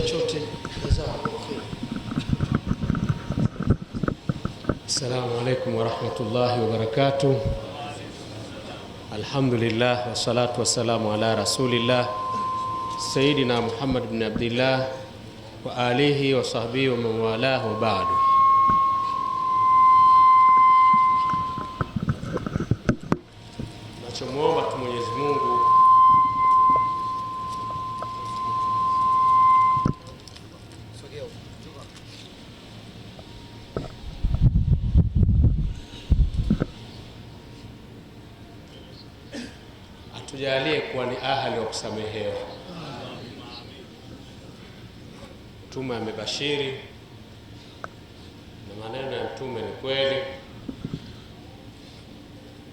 chote Assalamu alaikum warahmatullahi wabarakatuh. Alhamdulillah wassalatu wassalamu ala rasulillah Sayyidina Muhammad bin Abdillah wa alihi wa sahbihi wa man Nachomwomba tu tujalie kuwa ni ahali wa kusamehewa. Mtume amebashiri na maneno ya Mtume ni kweli,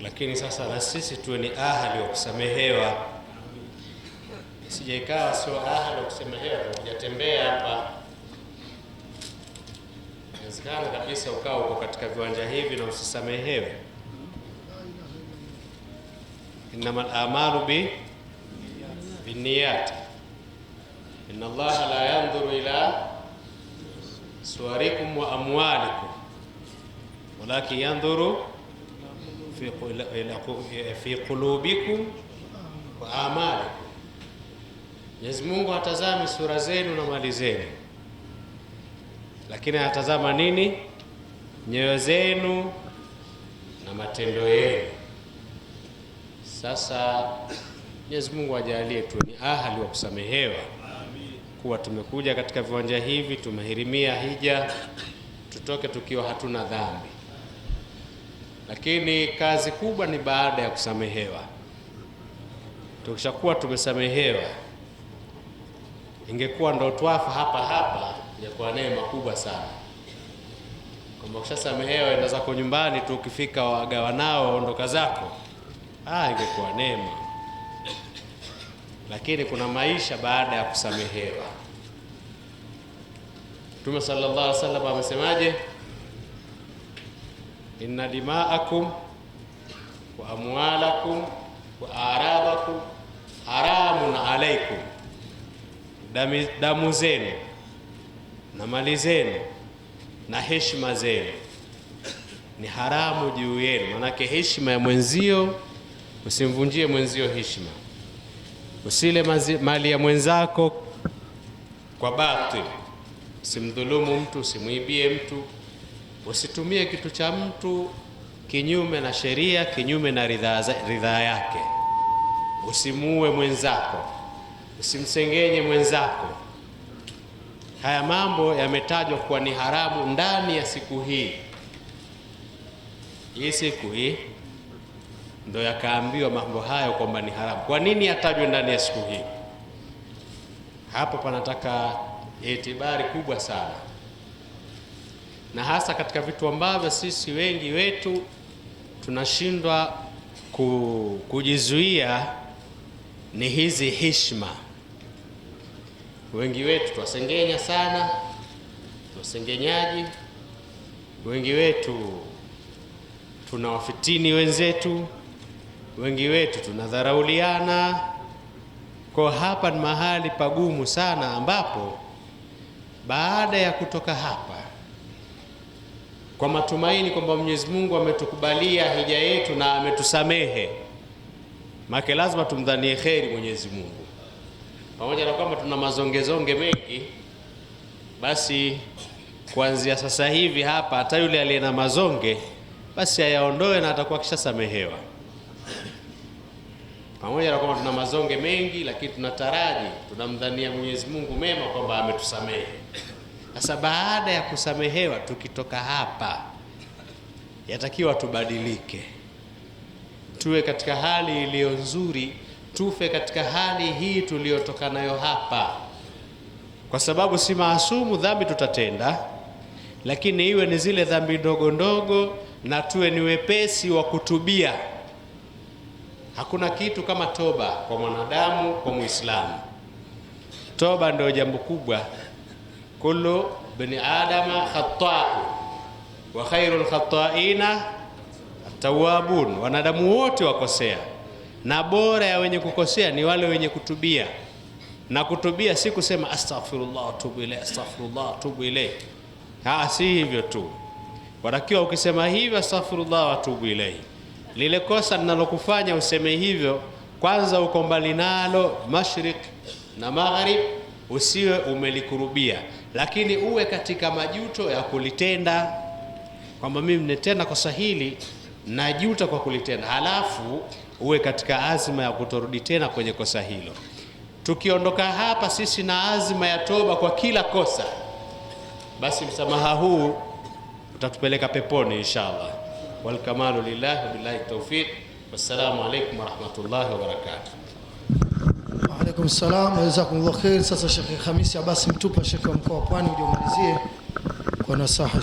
lakini sasa na sisi tuwe ni ahali wa kusamehewa, sijaikawa sio ahali wa kusamehewa. Kujatembea hapa, inawezekana kabisa ukawa uko katika viwanja hivi na usisamehewe innamal a'malu bi binniyat inna Allah la yanzuru ila suwarikum wa amwalikum walakin yanzuru fi qulubikum wa a'malikum, Mwenyezi Mungu hatazami sura zenu na mali zenu, lakini anatazama nini? Nyoyo zenu na matendo yenu. Sasa Mwenyezi Mungu ajalie tu ni ahali wa kusamehewa, kuwa tumekuja katika viwanja hivi tumehirimia hija, tutoke tukiwa hatuna dhambi. Lakini kazi kubwa ni baada ya kusamehewa. Tukishakuwa tumesamehewa, ingekuwa ndo twafa hapa hapa, ingekuwa neema kubwa sana kwamba ukishasamehewa, enda zako nyumbani tu, ukifika wagawa nao, ondoka zako ah, ingekuwa neema. Lakini kuna maisha baada ya kusamehewa. Mtume sallallahu alaihi wasallam amesemaje? Inna dima'akum wa amwalakum wa arabakum haramun alaikum, damu zenu na mali zenu na heshima zenu ni haramu juu yenu, manake heshima ya mwenzio Usimvunjie mwenzio heshima, usile mazi, mali ya mwenzako kwa bati usimdhulumu mtu, usimwibie mtu, usitumie kitu cha mtu kinyume na sheria, kinyume na ridhaa yake. Usimuue mwenzako, usimsengenye mwenzako. Haya mambo yametajwa kuwa ni haramu ndani ya siku hii hii siku hii ndo yakaambiwa mambo hayo kwamba ni haramu. Kwa nini yatajwe ndani ya siku hii? Hapo panataka itibari kubwa sana, na hasa katika vitu ambavyo sisi wengi wetu tunashindwa ku, kujizuia ni hizi hishma. Wengi wetu twasengenya sana, twasengenyaji. Wengi wetu tunawafitini wenzetu wengi wetu tunadharauliana. Kwa hapa ni mahali pagumu sana, ambapo baada ya kutoka hapa kwa matumaini kwamba Mwenyezi Mungu ametukubalia hija yetu na ametusamehe, make lazima tumdhanie kheri Mwenyezi Mungu, pamoja na kwamba tuna mazongezonge mengi. Basi kuanzia sasa hivi hapa, hata yule aliye na mazonge basi ayaondoe na atakuwa kishasamehewa pamoja na kwamba tuna mazonge mengi, lakini tunataraji, tunamdhania Mwenyezi Mungu mema kwamba ametusamehe. Sasa baada ya kusamehewa, tukitoka hapa, yatakiwa tubadilike, tuwe katika hali iliyo nzuri, tufe katika hali hii tuliyotoka nayo hapa, kwa sababu si maasumu, dhambi tutatenda, lakini iwe ni zile dhambi ndogo ndogo, na tuwe ni wepesi wa kutubia. Hakuna kitu kama toba kwa mwanadamu, kwa Muislamu. Toba ndio jambo kubwa. Kullu bani adama khata'u wa khairul khata'ina tawabun, wanadamu wote wakosea, na bora ya wenye kukosea ni wale wenye kutubia. Na kutubia si kusema astaghfirullah tubu ile, astaghfirullah tubu ile, si hivyo tu. Watakiwa ukisema hivyo astaghfirullah watubu ilaihi lile kosa linalokufanya useme hivyo, kwanza uko mbali nalo mashrik na magharib, usiwe umelikurubia, lakini uwe katika majuto ya kulitenda, kwamba mimi mnetenda kosa hili, najuta kwa kulitenda, halafu uwe katika azma ya kutorudi tena kwenye kosa hilo. Tukiondoka hapa sisi na azma ya toba kwa kila kosa, basi msamaha huu utatupeleka peponi inshallah. والكمال لله وبالله التوفيق والسلام عليكم ورحمة الله وبركاته وعليكم السلام وجزاكم الله خير ساسا Sheikh خميس يا باسم توبا wa mkoa بواني وديو ujamalizie ونصاح nasaha